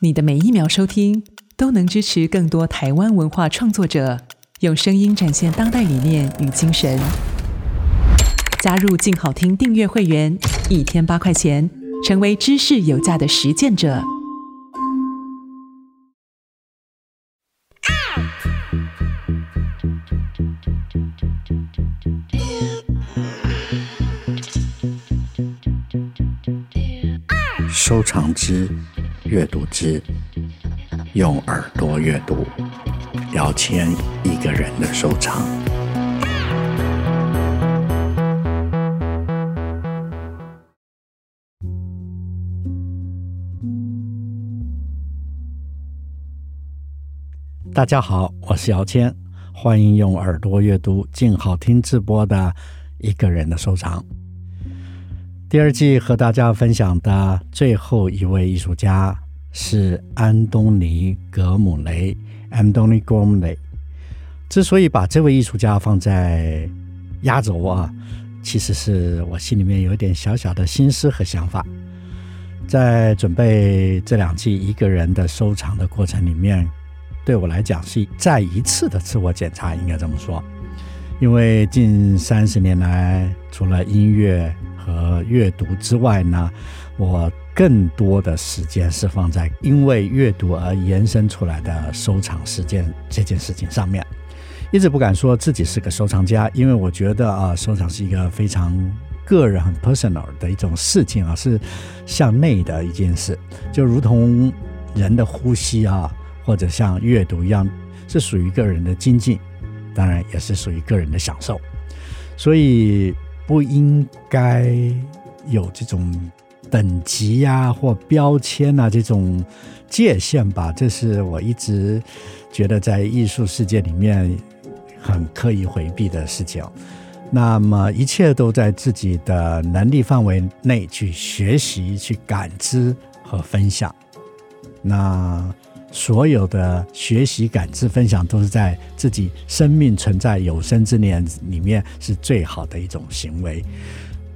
你的每一秒收聽，都能支持更多台灣文化創作者，用聲音展現當代理念與精神。加入“鏡好聽”訂閱會員，一天八塊錢，成為知識有價的實踐者。二收藏之。閱讀之，用耳朵閱讀，姚謙一個人的收藏。大家好，我是姚謙，歡迎用耳朵閱讀，鏡好聽直播的一個人的收藏。第二季和大家分享的最後一位藝術家是安東尼·葛姆雷，安東尼·葛姆雷。之所以把這位藝術家放在壓軸啊，其實是我心裡面有點小小的心思和想法。在準備這兩季一個人的收藏的過程裡面，對我來講是再一次的自我檢查，應該這麼說。因為近三十年來，除了音樂，和閱讀之外呢，我更多的時間是放在因為閱讀而延伸出來的收藏實踐這件事情上面。一直不敢說自己是個收藏家，因為我覺得啊，收藏是一個非常個人、很 personal 的一種事情啊，是向內的一件事，就如同人的呼吸啊，或者像閱讀一樣，是屬於個人的精進，當然也是屬於個人的享受，所以，不應該有這種等級呀、啊、或標籤啊這種界限吧，這是我一直覺得在藝術世界裡面很刻意回避的事情。那麼一切都在自己的能力範圍內去學習、去感知和分享。那。所有的學習、感知、分享，都是在自己生命存在有生之年裡面是最好的一種行為。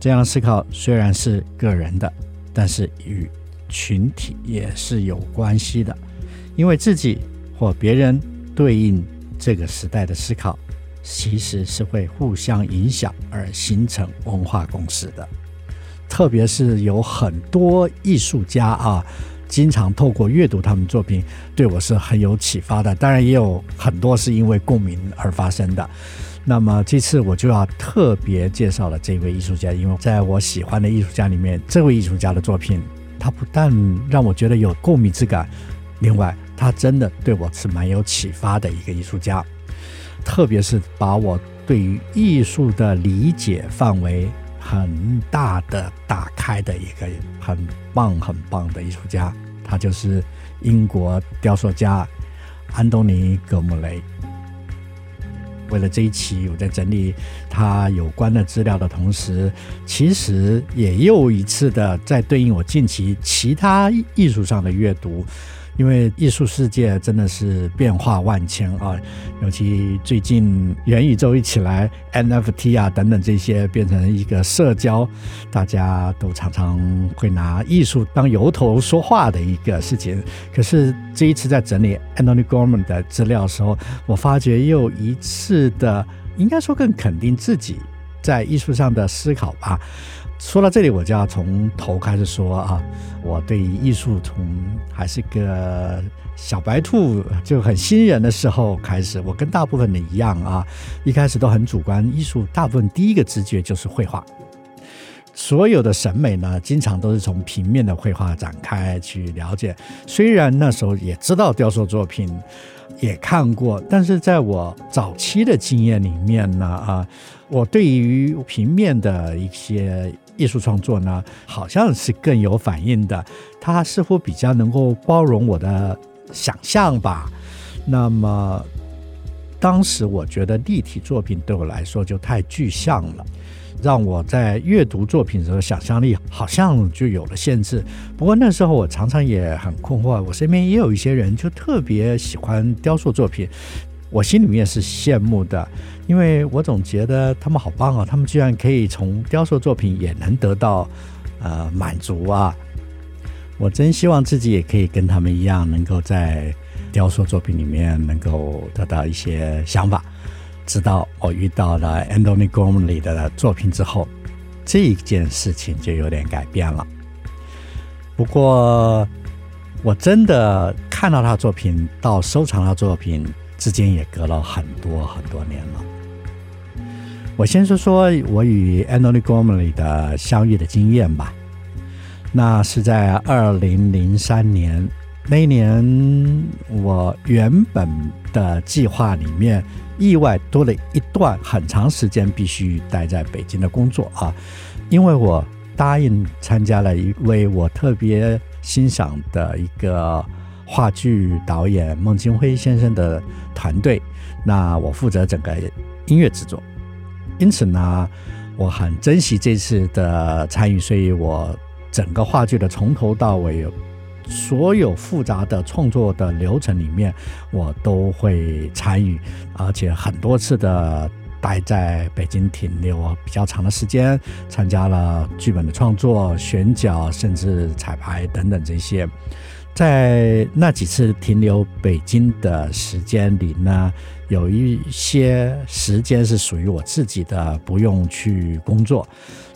這樣思考雖然是個人的，但是與群體也是有關係的，因為自己或別人對應這個時代的思考，其實是會互相影響而形成文化共識的。特別是有很多藝術家啊。經常透過閱讀他們作品，對我是很有啟發的。當然也有很多是因為共鳴而發生的。那麼這次我就要特別介紹了這位藝術家，因為在我喜歡的藝術家裡面，這位藝術家的作品，他不但讓我覺得有共鳴之感，另外他真的對我是蠻有啟發的一個藝術家，特別是把我對於藝術的理解範圍。很大的打開的一個很棒很棒的藝術家，他就是英國雕塑家安東尼·葛姆雷。為了這一期，我在整理他有關的資料的同時，其實也又一次的在對應我近期其他藝術上的閱讀。因為藝術世界真的是變化萬千啊，尤其最近元宇宙一起來，NFT 啊等等這些變成一個社交，大家都常常會拿藝術當由頭說話的一個事情。可是這一次在整理 Antony Gormley 的資料的時候，我發覺又一次的，應該說更肯定自己在藝術上的思考吧。說到這裡，我就要從頭開始說啊。我對於藝術，從還是個小白兔就很新人的時候開始，我跟大部分的一樣啊，一開始都很主觀。藝術大部分第一個直覺就是繪畫，所有的審美呢，經常都是從平面的繪畫展開去了解。雖然那時候也知道雕塑作品也看過，但是在我早期的經驗裡面呢，啊，我對於平面的一些。藝術創作呢，好像是更有反應的，它似乎比較能夠包容我的想象吧。那麼，當時我覺得立體作品對我來說就太具象了，讓我在閱讀作品的時候想象力好像就有了限制。不過那時候我常常也很困惑，我身邊也有一些人就特別喜歡雕塑作品。我心裡面是羨慕的，因為我總覺得他們好棒啊！他們居然可以從雕塑作品也能得到呃滿足啊！我真希望自己也可以跟他們一樣，能夠在雕塑作品裡面能夠得到一些想法。直到我遇到了安東尼·葛姆雷的作品之後，這一件事情就有點改變了。不過，我真的看到他作品到收藏他作品，之間也隔了很多很多年了。我先說說我與 Antony Gormley 的相遇的經驗吧。那是在二零零三年，那一年我原本的計劃裡面意外多了一段很長時間必須待在北京的工作啊，因為我答應參加了一位我特別欣賞的一個。話劇導演孟京輝先生的團隊，那我負責整個音樂制作。因此呢，我很珍惜這次的參與，所以我整個話劇的從頭到尾所有複雜的創作的流程裡面，我都會參與，而且很多次的待在北京停留比較長的時間，參加了劇本的創作、選角，甚至彩排等等這些。在那幾次停留北京的時間裡呢，有一些時間是屬於我自己的，不用去工作。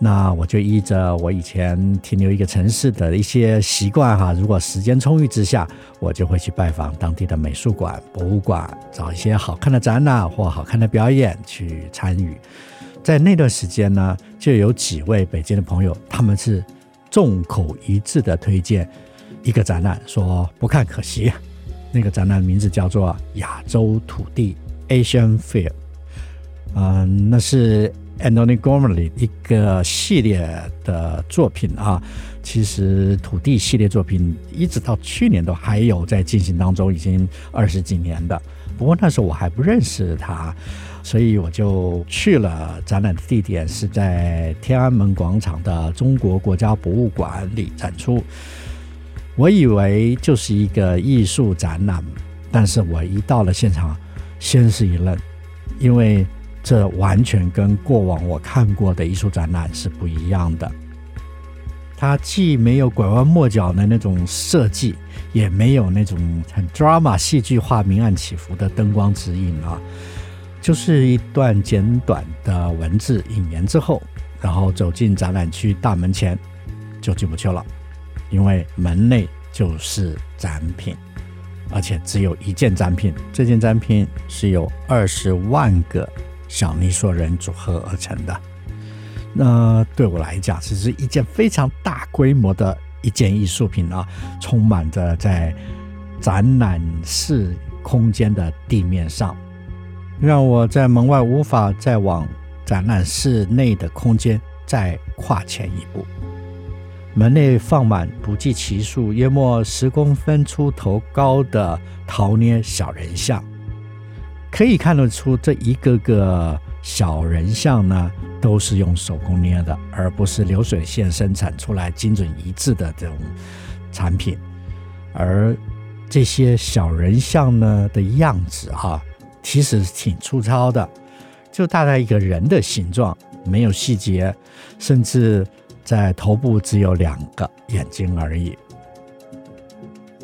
那我就依着我以前停留一個城市的一些習慣哈，如果時間充裕之下，我就會去拜訪當地的美術館、博物館，找一些好看的展覽或好看的表演去參與。在那段時間呢，就有幾位北京的朋友，他們是眾口一致的推薦。一個展覽說不看可惜，那個展覽名字，叫做《亞洲土地》（Asian Field）。嗯，那是 Antony Gormley 一個系列的作品啊。其實土地系列作品一直到去年都還有在進行當中，已經二十幾年的。不過那時候我還不認識他，所以我就去了。展覽的地點是在天安門廣場的中國國家博物館裡展出。我以為就是一個藝術展覽，但是我一到了現場，先是一愣，因為這完全跟過往我看過的藝術展覽是不一樣的。它既沒有拐彎抹角的那種設計，也沒有那種很 drama 戲劇化、明暗起伏的燈光指引啊，就是一段簡短的文字引言之後，然後走進展覽區大門前就進不去了。因為門內就是展品，而且只有一件展品。這件展品是由二十萬個小泥塑人組合而成的。那對我來講，這是一件非常大規模的一件藝術品啊，充滿着在展覽室空間的地面上，讓我在門外無法再往展覽室內的空間再跨前一步。門內放滿不計其數、約莫十公分出頭高的陶捏小人像，可以看得出，這一個個小人像呢，都是用手工捏的，而不是流水線生產出來精準一致的這種產品。而這些小人像呢的樣子，啊，哈，其實挺粗糙的，就大概一個人的形狀，沒有細節，甚至。在頭部只有兩個眼睛而已，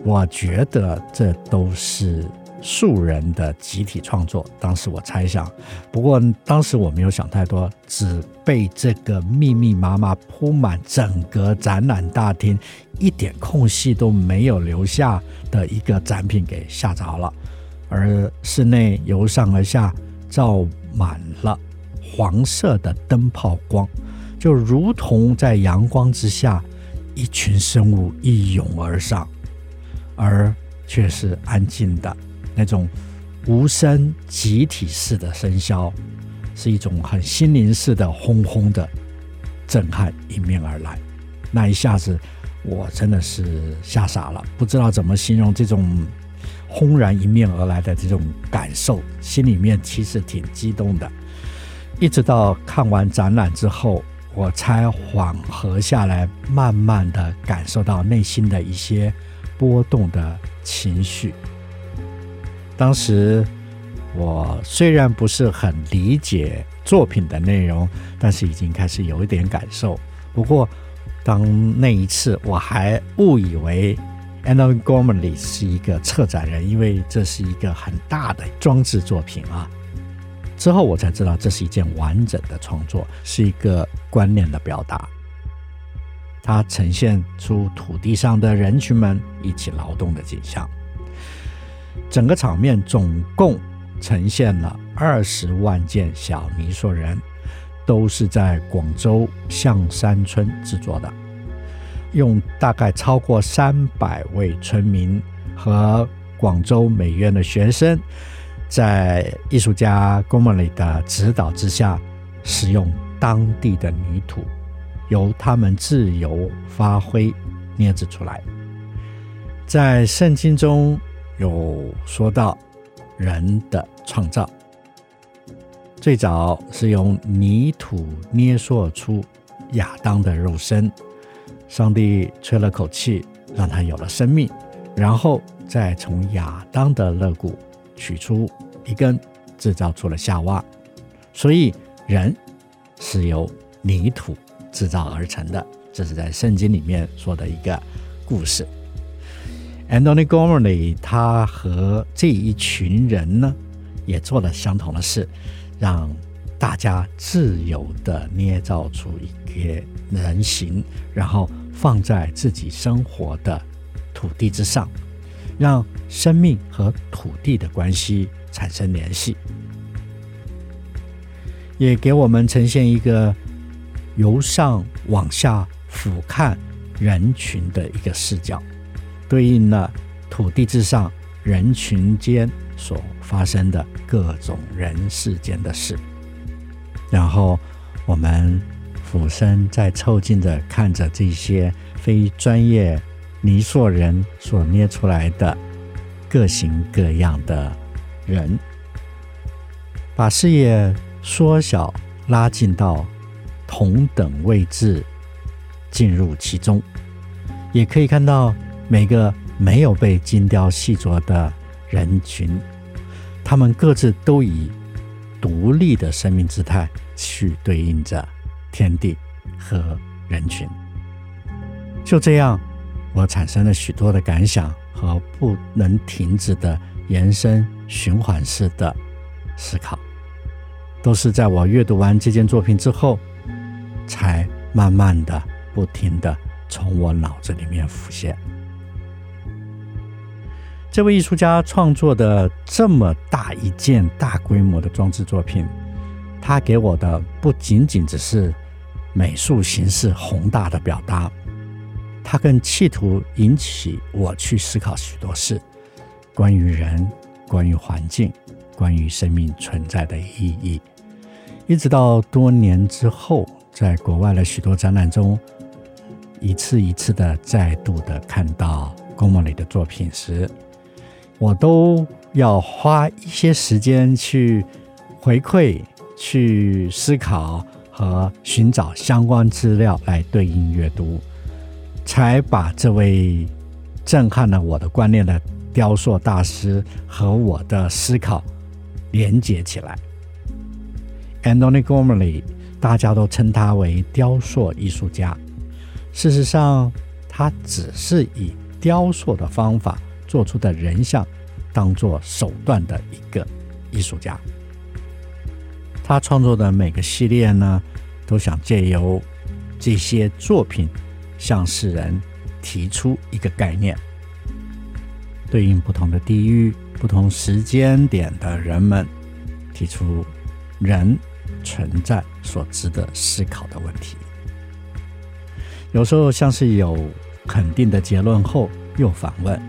我覺得這都是素人的集體創作。當時我猜想，不過當時我沒有想太多，只被這個密密麻麻鋪滿整個展覽大廳，一點空隙都沒有留下的一個展品給嚇着了。而室內由上而下照滿了黃色的燈泡光。就如同在陽光之下，一群生物一擁而上，而卻是安靜的，那種無聲集體式的聲效是一種很心靈式的轟轟的震撼迎面而來。那一下子我真的是嚇傻了，不知道怎麼形容這種轟然迎面而來的這種感受，心裡面其實挺激動的。一直到看完展覽之後。我才緩和下來，慢慢的感受到內心的一些波動的情緒。當時我雖然不是很理解作品的內容，但是已經開始有一點感受。不過，當那一次我還誤以為 Antony Gormley 是一個策展人，因為這是一個很大的裝置作品啊。之後我才知道，這是一件完整的創作，是一個觀念的表達。它呈現出土地上的人群們一起勞動的景象。整個場面總共呈現了二十萬件小泥塑人，都是在廣州象山村制作的，用大概超過三百位村民和廣州美院的學生。在藝術家 Gormley、um、的指導之下，使用當地的泥土，由他們自由發揮捏製出來。在聖經中有說到人的創造，最早是用泥土捏塑出亞當的肉身，上帝吹了口氣，讓他有了生命，然後再從亞當的肋骨。取出一根，製造出了夏娃，所以人是由泥土製造而成的。這是在聖經裡面說的一個故事。Antony Gormley，他和這一群人呢，也做了相同的事，讓大家自由地捏造出一個人形，然後放在自己生活的土地之上。讓生命和土地的關係產生聯繫，也給我們呈現一個由上往下俯瞰人群的一個視角，對應了土地之上人群間所發生的各種人世間的事。然後我們俯身再湊近的看着這些非專業。泥塑人所捏出來的各形各樣的人，把視野縮小，拉近到同等位置，進入其中，也可以看到每個沒有被精雕細琢的人群，他們各自都以獨立的生命姿態去對應着天地和人群，就這樣。我產生了許多的感想和不能停止的延伸循環式的思考，都是在我閱讀完這件作品之後，才慢慢的、不停的從我腦子裡面浮現。這位藝術家創作的這麼大一件大規模的裝置作品，他給我的不僅僅只是美術形式宏大的表達。他更企圖引起我去思考許多事，關於人，關於環境，關於生命存在的意義。一直到多年之後，在國外的許多展覽中，一次一次的再度的看到葛姆雷的作品時，我都要花一些時間去回饋、去思考和尋找相關資料來對應閱讀。才把這位震撼了我的觀念的雕塑大師和我的思考連接起來。Antony Gormley，大家都稱他為雕塑藝術家。事實上，他只是以雕塑的方法做出的人像，當做手段的一個藝術家。他創作的每個系列呢，都想借由這些作品，向世人提出一個概念，對應不同的地域、不同時間點的人們提出人存在所值得思考的問題。有時候像是有肯定的結論後又反問，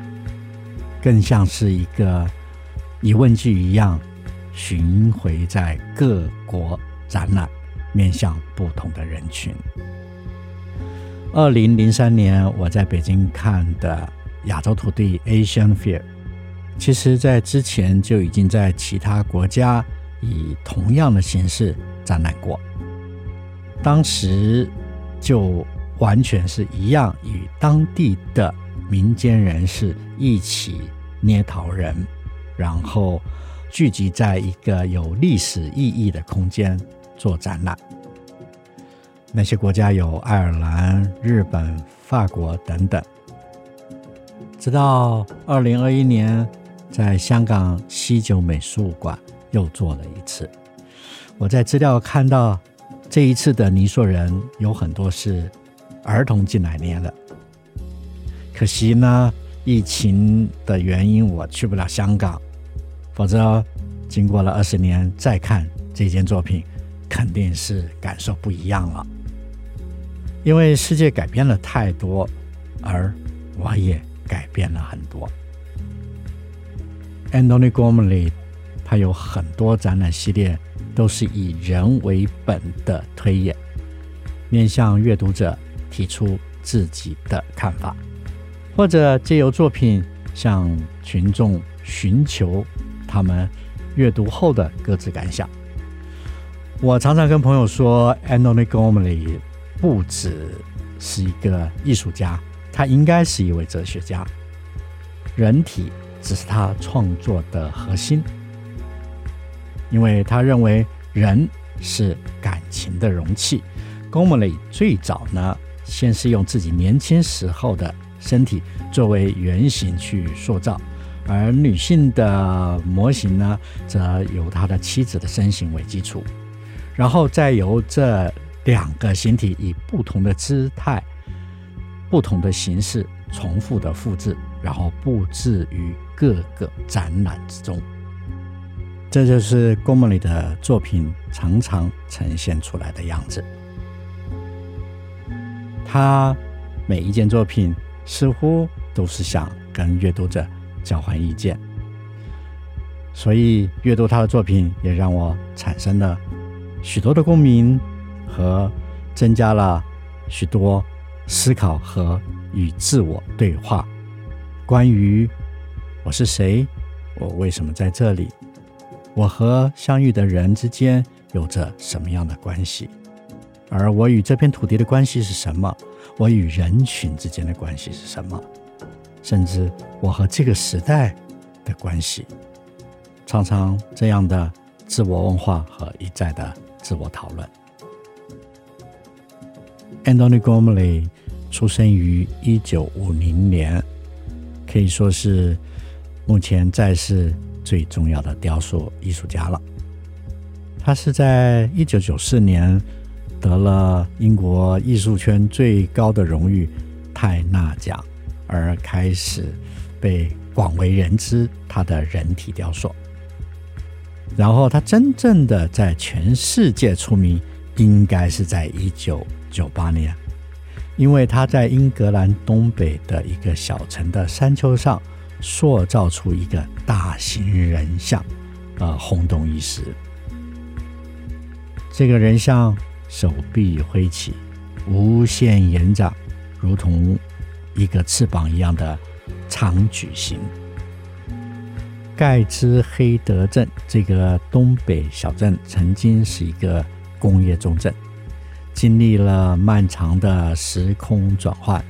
更像是一個疑問句一樣，巡迴在各國展覽，面向不同的人群。二零零三年我在北京看的《亞洲土地》（Asian Field），其實在之前就已經在其他國家以同樣的形式展覽過。當時就完全是一樣，與當地的民間人士一起捏陶人，然後聚集在一個有歷史意義的空間做展覽。那些國家有愛爾蘭、日本、法國等等。直到二零二一年，在香港西九美術館又做了一次。我在資料看到，這一次的泥塑人有很多是兒童進來捏的。可惜呢，疫情的原因我去不了香港，否則經過了二十年再看這件作品，肯定是感受不一樣了。因為世界改變了太多，而我也改變了很多。Anthony Gormley，他有很多展覽系列都是以人為本的推演，面向閱讀者提出自己的看法，或者借由作品向群眾尋求他們閱讀後的各自感想。我常常跟朋友說，Anthony Gormley。不只是,是一個藝術家，他應該是一位哲學家。人體只是他創作的核心，因為他認為人是感情的容器。g o m l y 最早呢，先是用自己年輕時候的身體作為原型去塑造，而女性的模型呢，則由他的妻子的身形為基礎，然後再由這。兩個形體以不同的姿態、不同的形式重複的複製，然後布置於各個展覽之中。這就是葛姆雷的作品常常呈現出來的樣子。他每一件作品似乎都是想跟閱讀者交換意見，所以閱讀他的作品也讓我產生了許多的共鳴。和增加了許多思考和與自我對話，關於我是誰，我為什麼在這裡，我和相遇的人之間有着什麼樣的關係，而我與這片土地的關係是什麼，我與人群之間的關係是什麼，甚至我和這個時代的關係，常常這樣的自我問話和一再的自我討論。Anthony Gormley 出生於一九五零年，可以說是目前在世最重要的雕塑藝術家了。他是在一九九四年得了英國藝術圈最高的榮譽泰納獎，而開始被廣為人知他的人體雕塑。然後他真正的在全世界出名，應該是在一九。九八年，因為他在英格蘭東北的一個小城的山丘上塑造出一個大型人像，啊、呃，轟動一時。這個人像手臂揮起，無限延展，如同一個翅膀一樣的長矩形。蓋茨黑德鎮這個東北小鎮曾經是一個工業重鎮。經歷了漫長的時空轉換，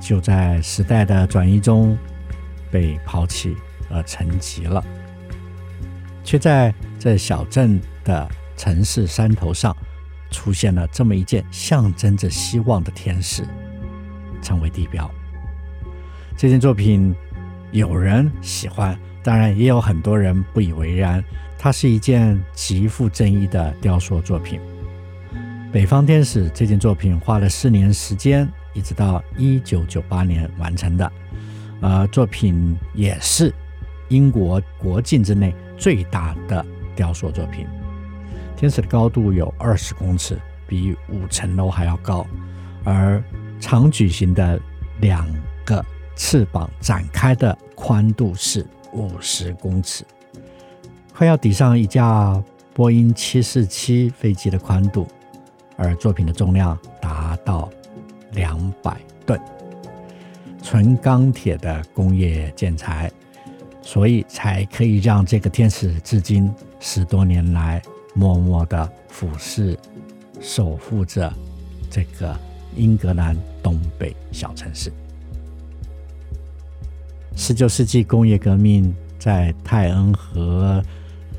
就在時代的轉移中被拋棄而沉寂了，卻在這小鎮的城市山頭上出現了這麼一件象徵着希望的天使，成為地標。這件作品有人喜歡，當然也有很多人不以為然，它是一件極富爭議的雕塑作品。《北方天使》這件作品花了四年時間，一直到一九九八年完成的。呃，作品也是英國國境之內最大的雕塑作品。天使的高度有二十公尺，比五層樓還要高，而長矩形的兩個翅膀展開的寬度是五十公尺，快要抵上一架波音七四七飛機的寬度。而作品的重量達到兩百噸，純鋼鐵的工業建材，所以才可以讓這個天使至今十多年來默默的俯視，守護着這個英格蘭東北小城市。十九世紀工業革命在泰恩河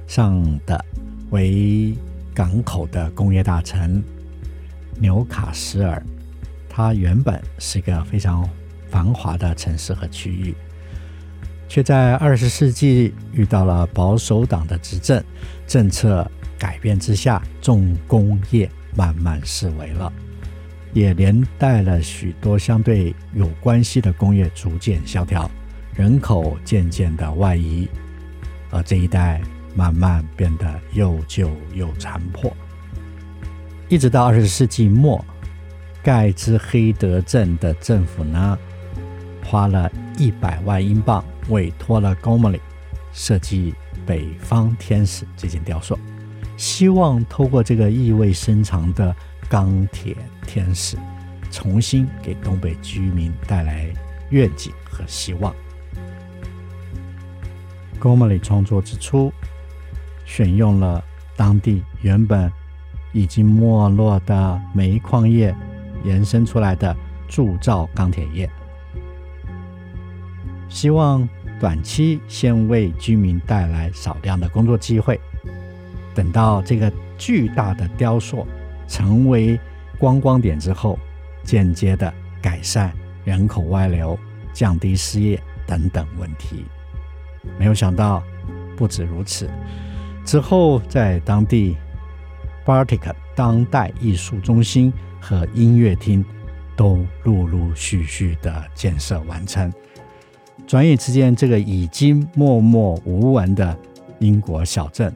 上的為港口的工業大城。紐卡斯爾，它原本是一個非常繁華的城市和區域，卻在二十世紀遇到了保守黨的執政政策改變之下，重工業慢慢式微了，也連帶了許多相對有關係的工業逐漸蕭條，人口漸漸的外移，而這一帶慢慢變得又舊又殘破。一直到二十世紀末，蓋茲黑德鎮的政府呢，花了一百萬英鎊，委托了 Gormley 設計《北方天使》這件雕塑，希望透過這個意味深長的鋼鐵天使，重新給東北居民帶來願景和希望。Gormley 創作之初，選用了當地原本。已經沒落的煤礦業延伸出來的鑄造鋼鐵業，希望短期先為居民帶來少量的工作機會，等到這個巨大的雕塑成為觀光點之後，間接的改善人口外流、降低失業等等問題。沒有想到，不止如此，之後在當地。Baltic 當代藝術中心和音樂廳都陸陸續續的建設完成，轉眼之間，這個已經默默無聞的英國小鎮，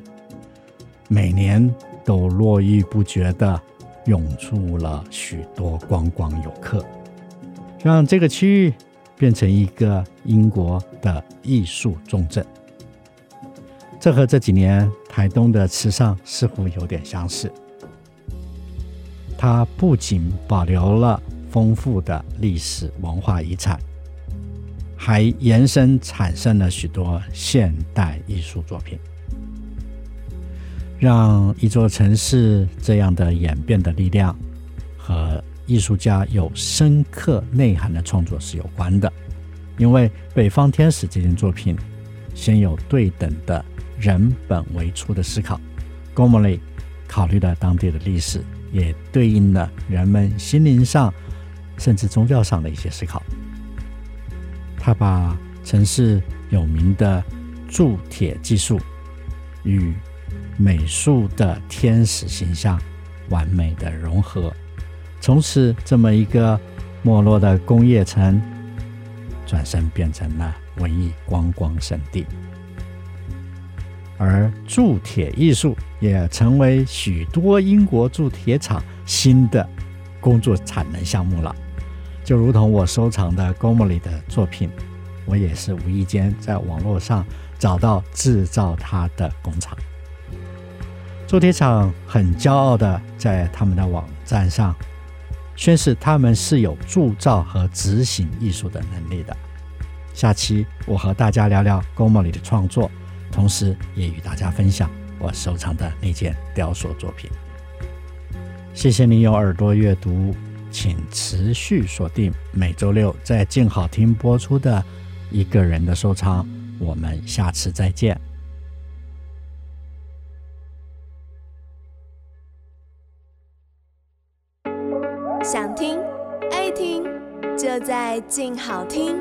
每年都絡繹不絕的湧出了許多觀光遊客，讓這個區域變成一個英國的藝術重鎮。這和這幾年。台東的池上似乎有點相似，它不僅保留了豐富的歷史文化遺產，還延伸產生，產生了許多現代藝術作品。讓一座城市這樣的演變的力量和藝術家有深刻內涵的創作是有關的，因為《北方天使》這件作品先有對等的。人本為初的思考，Gormley 考慮了當地的歷史，也對應了人們心靈上，甚至宗教上的一些思考。他把城市有名的鑄鐵技術與美術的天使形象完美的融合，從此這麼一個沒落的工業城，轉身變成了文藝觀光勝地。而鑄鐵藝術也成為許多英國鑄鐵廠新的工作產能項目了。就如同我收藏的 Gormley 的作品，我也是無意間在網絡上找到制造它的工廠。鑄鐵廠很驕傲的在他們的網站上宣示他們是有鑄造和執行藝術的能力的。下期我和大家聊聊 Gormley 的創作。同時，也與大家分享我收藏的那件雕塑作品。謝謝你用耳朵閱讀，請持續鎖定每週六在靜好聽播出的《一個人的收藏》。我們下次再見。想聽愛聽，就在靜好聽。